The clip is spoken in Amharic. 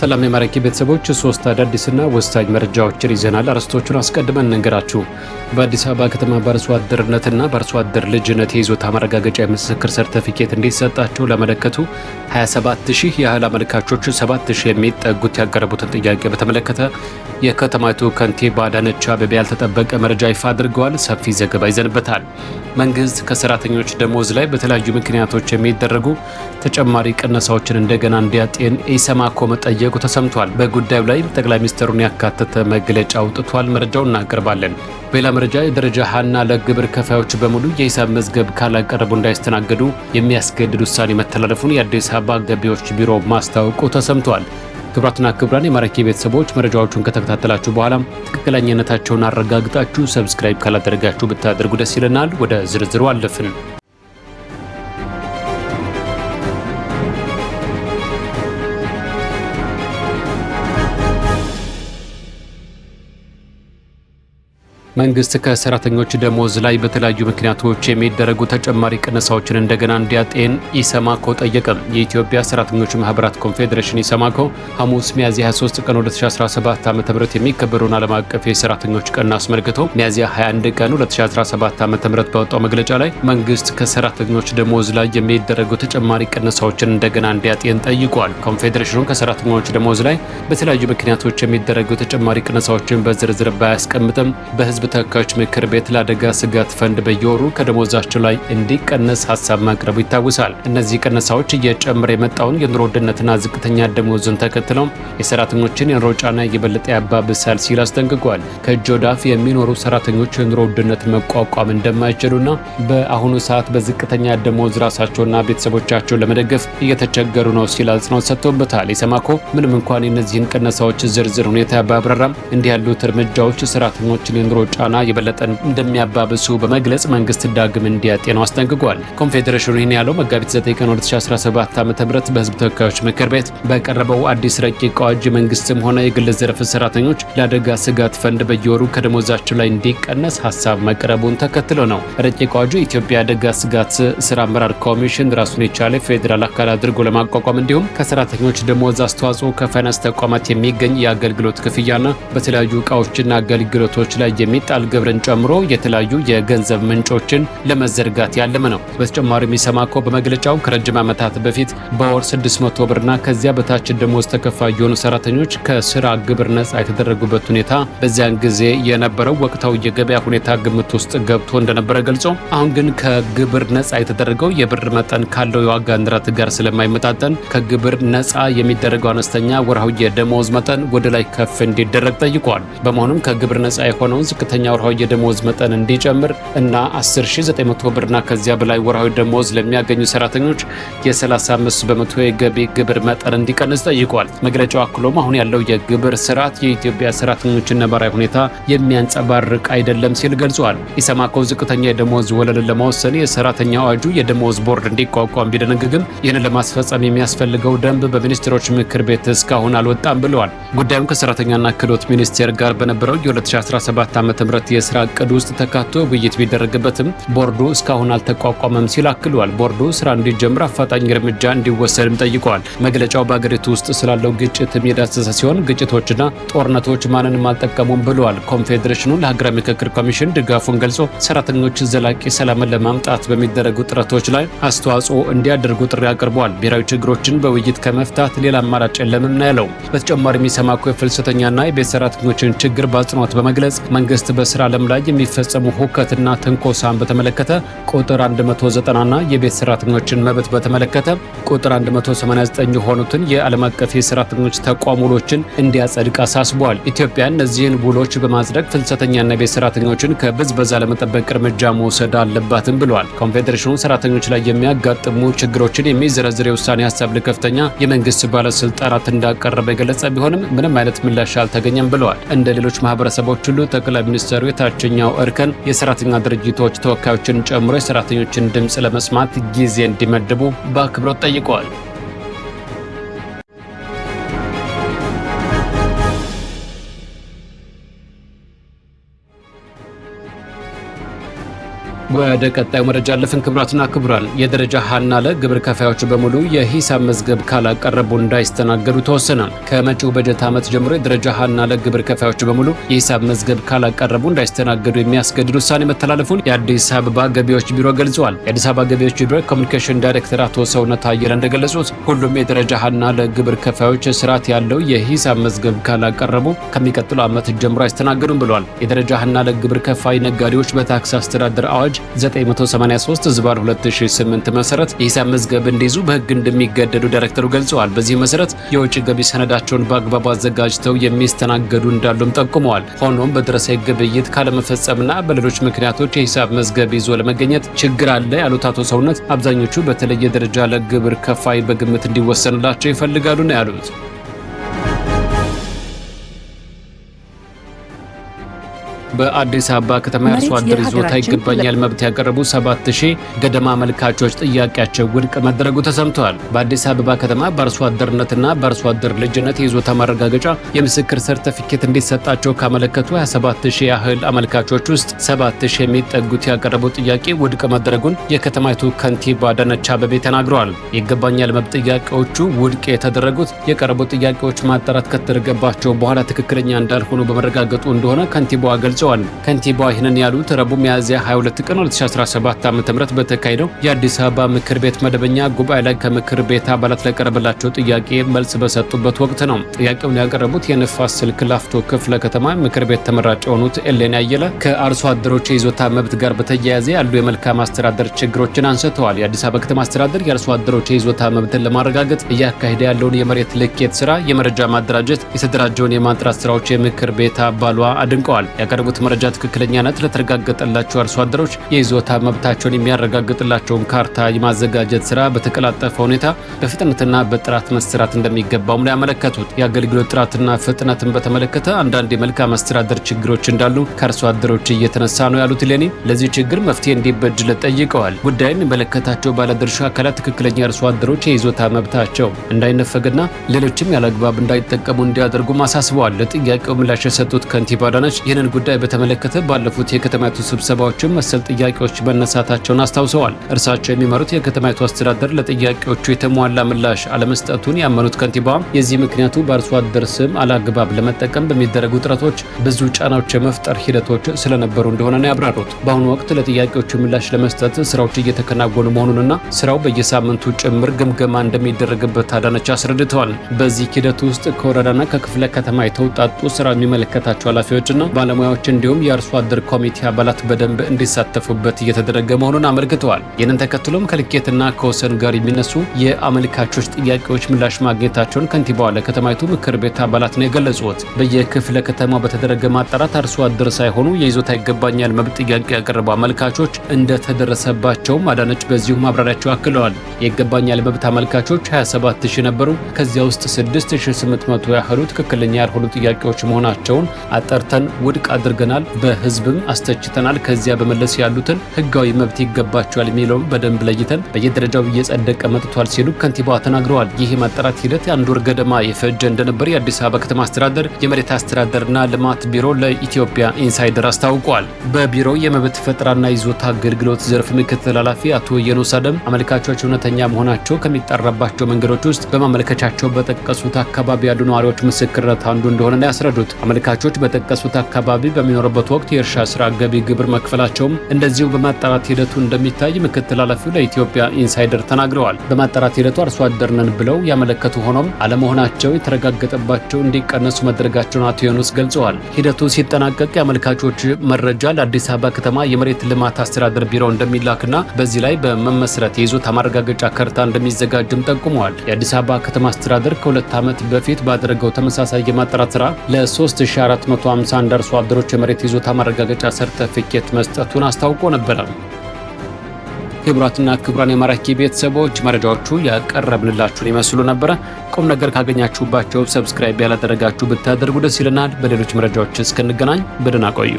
ሰላም የማራኪ ቤተሰቦች ሶስት አዳዲስና ወሳኝ መረጃዎችን ይዘናል። አርዕስቶቹን አስቀድመን እንንገራችሁ። በአዲስ አበባ ከተማ በአርሶ አደርነትና በአርሶ አደር ልጅነት የይዞታ ማረጋገጫ የምስክር ሰርተፊኬት እንዲሰጣቸው ለመለከቱ 27000 ያህል አመልካቾች 7000 የሚጠጉት ያቀረቡትን ጥያቄ በተመለከተ የከተማይቱ ከንቲባ አዳነች አቤቤ ያልተጠበቀ መረጃ ይፋ አድርገዋል። ሰፊ ዘገባ ይዘንበታል። መንግስት ከሰራተኞች ደሞዝ ላይ በተለያዩ ምክንያቶች የሚደረጉ ተጨማሪ ቅነሳዎችን እንደገና እንዲያጤን ኢሰማኮ መጠየቅ መጠየቁ ተሰምቷል። በጉዳዩ ላይ ጠቅላይ ሚኒስትሩን ያካተተ መግለጫ አውጥቷል። መረጃው እናቀርባለን። በሌላ መረጃ የደረጃ ሀና ለግብር ከፋዮች በሙሉ የሂሳብ መዝገብ ካላቀረቡ እንዳይስተናገዱ የሚያስገድድ ውሳኔ መተላለፉን የአዲስ አበባ ገቢዎች ቢሮ ማስታወቁ ተሰምቷል። ክብራትና ክብራን የማራኪ ቤተሰቦች መረጃዎቹን ከተከታተላችሁ በኋላ ትክክለኛነታቸውን አረጋግጣችሁ ሰብስክራይብ ካላደረጋችሁ ብታደርጉ ደስ ይለናል። ወደ ዝርዝሩ አለፍን። መንግስት ከሰራተኞች ደሞዝ ላይ በተለያዩ ምክንያቶች የሚደረጉ ተጨማሪ ቅነሳዎችን እንደገና እንዲያጤን ኢሰማኮ ጠየቀ። የኢትዮጵያ ሰራተኞች ማህበራት ኮንፌዴሬሽን ኢሰማኮ ሐሙስ ሚያዝያ 23 ቀን 2017 ዓ ም የሚከበረውን ዓለም አቀፍ የሰራተኞች ቀን አስመልክቶ ሚያዝያ 21 ቀን 2017 ዓ ም ባወጣው መግለጫ ላይ መንግስት ከሰራተኞች ደሞዝ ላይ የሚደረጉ ተጨማሪ ቅነሳዎችን እንደገና እንዲያጤን ጠይቋል። ኮንፌዴሬሽኑ ከሰራተኞች ደሞዝ ላይ በተለያዩ ምክንያቶች የሚደረጉ ተጨማሪ ቅነሳዎችን በዝርዝር ባያስቀምጥም በህዝብ ተወካዮች ምክር ቤት ለአደጋ ስጋት ፈንድ በየወሩ ከደሞዛቸው ላይ እንዲቀነስ ሀሳብ ማቅረቡ ይታወሳል። እነዚህ ቀነሳዎች እየጨመረ የመጣውን የኑሮ ውድነትና ዝቅተኛ ደሞዝን ተከትለው የሰራተኞችን የኑሮ ጫና የበለጠ ያባብሳል ሲል አስጠንቅቋል። ከእጅ ወዳፍ የሚኖሩ ሰራተኞች የኑሮ ውድነት መቋቋም እንደማይችሉና በአሁኑ ሰዓት በዝቅተኛ ደሞዝ ራሳቸውና ቤተሰቦቻቸው ለመደገፍ እየተቸገሩ ነው ሲል አጽንኦት ሰጥቶበታል። ኢሰማኮ ምንም እንኳን የእነዚህን ቀነሳዎች ዝርዝር ሁኔታ ባብራራም እንዲህ ያሉት እርምጃዎች ሰራተኞችን የኑሮ ጫና የበለጠ እንደሚያባብሱ በመግለጽ መንግስት ዳግም እንዲያጤነው አስጠንቅቋል። ኮንፌዴሬሽኑ ይህን ያለው መጋቢት 9 ቀን 2017 ዓ ም በህዝብ ተወካዮች ምክር ቤት በቀረበው አዲስ ረቂቅ አዋጅ መንግስትም ሆነ የግል ዘርፍ ሰራተኞች ለአደጋ ስጋት ፈንድ በየወሩ ከደሞዛቸው ላይ እንዲቀነስ ሀሳብ መቅረቡን ተከትሎ ነው። ረቂቅ አዋጁ የኢትዮጵያ አደጋ ስጋት ስራ አመራር ኮሚሽን ራሱን የቻለ ፌዴራል አካል አድርጎ ለማቋቋም እንዲሁም ከሰራተኞች ደሞዝ አስተዋጽኦ ከፋይናንስ ተቋማት የሚገኝ የአገልግሎት ክፍያና በተለያዩ እቃዎችና አገልግሎቶች ላይ የሚ የሚጣል ግብርን ጨምሮ የተለያዩ የገንዘብ ምንጮችን ለመዘርጋት ያለመ ነው። በተጨማሪም ኢሰማኮ በመግለጫው ከረጅም ዓመታት በፊት በወር 600 ብርና ከዚያ በታች ደሞዝ ተከፋይ የሆኑ ሰራተኞች ከስራ ግብር ነጻ የተደረጉበት ሁኔታ በዚያን ጊዜ የነበረው ወቅታዊ የገበያ ሁኔታ ግምት ውስጥ ገብቶ እንደነበረ ገልጾ አሁን ግን ከግብር ነጻ የተደረገው የብር መጠን ካለው የዋጋ ንረት ጋር ስለማይመጣጠን ከግብር ነጻ የሚደረገው አነስተኛ ወርሃዊ የደሞዝ መጠን ወደ ላይ ከፍ እንዲደረግ ጠይቋል። በመሆኑም ከግብር ነጻ የሆነውን ዝቅተ ሰራተኛ ወርሃዊ የደሞዝ መጠን እንዲጨምር እና 10900 ብርና ከዚያ በላይ ወርሃዊ ደሞዝ ለሚያገኙ ሰራተኞች የ35 በመቶ የገቢ ግብር መጠን እንዲቀንስ ጠይቋል። መግለጫው አክሎም አሁን ያለው የግብር ስርዓት የኢትዮጵያ ሰራተኞችን ነባራዊ ሁኔታ የሚያንጸባርቅ አይደለም ሲል ገልጿል። ኢሰማኮ ዝቅተኛ የደሞዝ ወለልን ለመወሰን የሰራተኛ አዋጁ የደሞዝ ቦርድ እንዲቋቋም ቢደነግግም ይህንን ለማስፈጸም የሚያስፈልገው ደንብ በሚኒስትሮች ምክር ቤት እስካሁን አልወጣም ብለዋል። ጉዳዩን ከሰራተኛና ክህሎት ሚኒስቴር ጋር በነበረው የ2017 ዓ የስራ እቅድ ውስጥ ተካቶ ውይይት ቢደረግበትም ቦርዱ እስካሁን አልተቋቋመም ሲል አክሏል። ቦርዱ ስራ እንዲጀምር አፋጣኝ እርምጃ እንዲወሰድም ጠይቀዋል። መግለጫው በአገሪቱ ውስጥ ስላለው ግጭት የዳሰሰ ሲሆን ግጭቶችና ጦርነቶች ማንንም አልጠቀሙም ብለዋል። ኮንፌዴሬሽኑ ለሀገራዊ ምክክር ኮሚሽን ድጋፉን ገልጾ ሰራተኞች ዘላቂ ሰላምን ለማምጣት በሚደረጉ ጥረቶች ላይ አስተዋጽኦ እንዲያደርጉ ጥሪ አቅርበዋል። ብሔራዊ ችግሮችን በውይይት ከመፍታት ሌላ አማራጭ የለምም ነው ያለው። በተጨማሪም ኢሰማኮ የፍልሰተኛና የቤት ሰራተኞችን ችግር በአጽንኦት በመግለጽ መንግስት በስራ ዓለም ላይ የሚፈጸሙ ሁከትና ትንኮሳን በተመለከተ ቁጥር 190ና የቤት ሰራተኞችን መብት በተመለከተ ቁጥር 189 የሆኑትን የዓለም አቀፍ የሰራተኞች ተቋም ውሎችን እንዲያጸድቅ አሳስቧል። ኢትዮጵያ እነዚህን ውሎች በማጽደቅ ፍልሰተኛና የቤት ሰራተኞችን ከብዝበዛ ለመጠበቅ እርምጃ መውሰድ አለባትም ብሏል። ኮንፌዴሬሽኑ ሰራተኞች ላይ የሚያጋጥሙ ችግሮችን የሚዘረዝር የውሳኔ ሀሳብ ለከፍተኛ የመንግስት ባለስልጣናት እንዳቀረበ የገለጸ ቢሆንም ምንም አይነት ምላሽ አልተገኘም ብለዋል። እንደ ሌሎች ማህበረሰቦች ሁሉ ጠቅላይ ሚኒስቴሩ የታችኛው እርከን የሰራተኛ ድርጅቶች ተወካዮችን ጨምሮ የሰራተኞችን ድምፅ ለመስማት ጊዜ እንዲመድቡ በአክብሮት ጠይቀዋል። ወደ ቀጣዩ መረጃ አለፍን። ክብራትና ክቡራን የደረጃ ሀና ለ ግብር ከፋዮች በሙሉ የሂሳብ መዝገብ ካላቀረቡ እንዳይስተናገዱ ተወሰናል። ከመጪው በጀት ዓመት ጀምሮ የደረጃ ሀና ለ ግብር ከፋዮች በሙሉ የሂሳብ መዝገብ ካላቀረቡ እንዳይስተናገዱ የሚያስገድድ ውሳኔ መተላለፉን የአዲስ አበባ ገቢዎች ቢሮ ገልጸዋል። የአዲስ አበባ ገቢዎች ቢሮ ኮሚኒኬሽን ዳይሬክተር አቶ ሰውነት አየለ እንደገለጹት ሁሉም የደረጃ ሀና ለ ግብር ከፋዮች ስርዓት ያለው የሂሳብ መዝገብ ካላቀረቡ ከሚቀጥለው ዓመት ጀምሮ አይስተናገዱም ብለዋል። የደረጃ ሀና ለ ግብር ከፋይ ነጋዴዎች በታክስ አስተዳደር አዋጅ 983 ዝባር 2008 መሰረት የሂሳብ መዝገብ እንዲይዙ በህግ እንደሚገደዱ ዳይሬክተሩ ገልጸዋል። በዚህ መሰረት የውጭ ገቢ ሰነዳቸውን በአግባቡ አዘጋጅተው የሚስተናገዱ እንዳሉም ጠቁመዋል። ሆኖም በደረሰኝ ግብይት ካለመፈጸምና በሌሎች ምክንያቶች የሂሳብ መዝገብ ይዞ ለመገኘት ችግር አለ ያሉት አቶ ሰውነት አብዛኞቹ በተለየ ደረጃ ለግብር ከፋይ በግምት እንዲወሰንላቸው ይፈልጋሉ ነው ያሉት። በአዲስ አበባ ከተማ የአርሶ አደር ይዞታ ይገባኛል መብት ያቀረቡ ሰባት ሺህ ገደማ አመልካቾች ጥያቄያቸው ውድቅ መደረጉ ተሰምተዋል። በአዲስ አበባ ከተማ በአርሶ አደርነትና በአርሶ አደር ልጅነት የይዞታ ማረጋገጫ የምስክር ሰርተፊኬት እንዲሰጣቸው ካመለከቱ 27 ሺህ ያህል አመልካቾች ውስጥ 7 ሺህ የሚጠጉት ያቀረቡ ጥያቄ ውድቅ መደረጉን የከተማይቱ ከንቲባ አዳነች አቤቤ ተናግረዋል። ይገባኛል መብት ጥያቄዎቹ ውድቅ የተደረጉት የቀረቡ ጥያቄዎች ማጣራት ከተደረገባቸው በኋላ ትክክለኛ እንዳልሆኑ በመረጋገጡ እንደሆነ ከንቲባዋ ገልጸዋል። ገልጸዋል። ከንቲባዋ ይህንን ያሉት ረቡዕ ሚያዝያ 22 ቀን 2017 ዓ.ም በተካሄደው የአዲስ አበባ ምክር ቤት መደበኛ ጉባኤ ላይ ከምክር ቤት አባላት ለቀረበላቸው ጥያቄ መልስ በሰጡበት ወቅት ነው። ጥያቄውን ያቀረቡት የንፋስ ስልክ ላፍቶ ክፍለ ከተማ ምክር ቤት ተመራጭ የሆኑት ኤሌን አየለ ከአርሶ አደሮች የይዞታ መብት ጋር በተያያዘ ያሉ የመልካም አስተዳደር ችግሮችን አንስተዋል። የአዲስ አበባ ከተማ አስተዳደር የአርሶ አደሮች የይዞታ መብትን ለማረጋገጥ እያካሄደ ያለውን የመሬት ልኬት ስራ፣ የመረጃ ማደራጀት፣ የተደራጀውን የማጥራት ስራዎች የምክር ቤት አባሏ አድንቀዋል። ያቀረቡት መረጃ ትክክለኛነት ለተረጋገጠላቸው አርሶ አደሮች የይዞታ መብታቸውን የሚያረጋግጥላቸውን ካርታ የማዘጋጀት ስራ በተቀላጠፈ ሁኔታ በፍጥነትና በጥራት መሰራት እንደሚገባውም ነው ያመለከቱት። የአገልግሎት ጥራትና ፍጥነትን በተመለከተ አንዳንድ የመልካም አስተዳደር ችግሮች እንዳሉ ከአርሶ አደሮች እየተነሳ ነው ያሉት ሌኒ ለዚህ ችግር መፍትሄ እንዲበጅለት ጠይቀዋል። ጉዳይ የመለከታቸው ባለድርሻ አካላት ትክክለኛ አርሶ አደሮች የይዞታ መብታቸው እንዳይነፈግና ሌሎችም ያለግባብ እንዳይጠቀሙ እንዲያደርጉም አሳስበዋል። ለጥያቄው ምላሽ የሰጡት ከንቲባ አዳነች ይህንን ጉዳይ በተመለከተ ባለፉት የከተማይቱ ስብሰባዎችም መሰል ጥያቄዎች መነሳታቸውን አስታውሰዋል። እርሳቸው የሚመሩት የከተማይቱ አስተዳደር ለጥያቄዎቹ የተሟላ ምላሽ አለመስጠቱን ያመኑት ከንቲባ የዚህ ምክንያቱ በአርሶ አደር ስም አላግባብ ለመጠቀም በሚደረጉ ጥረቶች ብዙ ጫናዎች የመፍጠር ሂደቶች ስለነበሩ እንደሆነ ነው ያብራሩት። በአሁኑ ወቅት ለጥያቄዎቹ ምላሽ ለመስጠት ስራዎች እየተከናወኑ መሆኑንና ስራው በየሳምንቱ ጭምር ግምገማ እንደሚደረግበት አዳነች አስረድተዋል። በዚህ ሂደት ውስጥ ከወረዳና ከክፍለ ከተማ የተውጣጡ ስራ የሚመለከታቸው ኃላፊዎችና ባለሙያዎች እንዲሁም የአርሶ አደር ኮሚቴ አባላት በደንብ እንዲሳተፉበት እየተደረገ መሆኑን አመልክተዋል። ይህንን ተከትሎም ከልኬትና ከወሰን ጋር የሚነሱ የአመልካቾች ጥያቄዎች ምላሽ ማግኘታቸውን ከንቲባዋ ለከተማይቱ ምክር ቤት አባላት ነው የገለጹት። በየክፍለ ከተማው በተደረገ ማጣራት አርሶ አደር ሳይሆኑ የይዞታ ይገባኛል መብት ጥያቄ ያቀረቡ አመልካቾች እንደተደረሰባቸውም አዳነች በዚሁ ማብራሪያቸው አክለዋል። የይገባኛል መብት አመልካቾች 27 ሺህ ነበሩ። ከዚያ ውስጥ 6800 ያህሉ ትክክለኛ ያልሆኑ ጥያቄዎች መሆናቸውን አጠርተን ውድቅ አድርገ አድርገናል፣ በህዝብም አስተችተናል። ከዚያ በመለስ ያሉትን ህጋዊ መብት ይገባቸዋል የሚለውን በደንብ ለይተን በየደረጃው እየጸደቀ መጥቷል ሲሉ ከንቲባዋ ተናግረዋል። ይህ የማጣራት ሂደት አንድ ወር ገደማ የፈጀ እንደነበር የአዲስ አበባ ከተማ አስተዳደር የመሬት አስተዳደርና ልማት ቢሮ ለኢትዮጵያ ኢንሳይደር አስታውቋል። በቢሮው የመብት ፈጠራና ይዞታ አገልግሎት ዘርፍ ምክትል ኃላፊ አቶ የኖስ አደም አመልካቾች እውነተኛ መሆናቸው ከሚጠራባቸው መንገዶች ውስጥ በማመልከቻቸው በጠቀሱት አካባቢ ያሉ ነዋሪዎች ምስክርነት አንዱ እንደሆነ ያስረዱት አመልካቾች በጠቀሱት አካባቢ በሚኖርበት ወቅት የእርሻ ስራ ገቢ ግብር መክፈላቸውም እንደዚሁ በማጣራት ሂደቱ እንደሚታይ ምክትል ኃላፊው ለኢትዮጵያ ኢንሳይደር ተናግረዋል። በማጣራት ሂደቱ አርሶ አደር ነን ብለው ያመለከቱ ሆኖም አለመሆናቸው የተረጋገጠባቸው እንዲቀነሱ መደረጋቸውን አቶ ዮኑስ ገልጸዋል። ሂደቱ ሲጠናቀቅ የአመልካቾች መረጃ ለአዲስ አበባ ከተማ የመሬት ልማት አስተዳደር ቢሮ እንደሚላክና በዚህ ላይ በመመስረት የይዞታ ማረጋገጫ ካርታ እንደሚዘጋጅም ጠቁመዋል። የአዲስ አበባ ከተማ አስተዳደር ከሁለት ዓመት በፊት ባደረገው ተመሳሳይ የማጣራት ስራ ለ3451 አርሶ አደሮች ለተጎጂዎች የመሬት ይዞታ ማረጋገጫ ሰርተፊኬት መስጠቱን አስታውቆ ነበረ። ክቡራትና ክቡራን የማራኪ ቤተሰቦች መረጃዎቹ ያቀረብንላችሁን ይመስሉ ነበረ። ቁም ነገር ካገኛችሁባቸው ሰብስክራይብ ያላደረጋችሁ ብታደርጉ ደስ ይለናል። በሌሎች መረጃዎች እስክንገናኝ በደህና ቆዩ።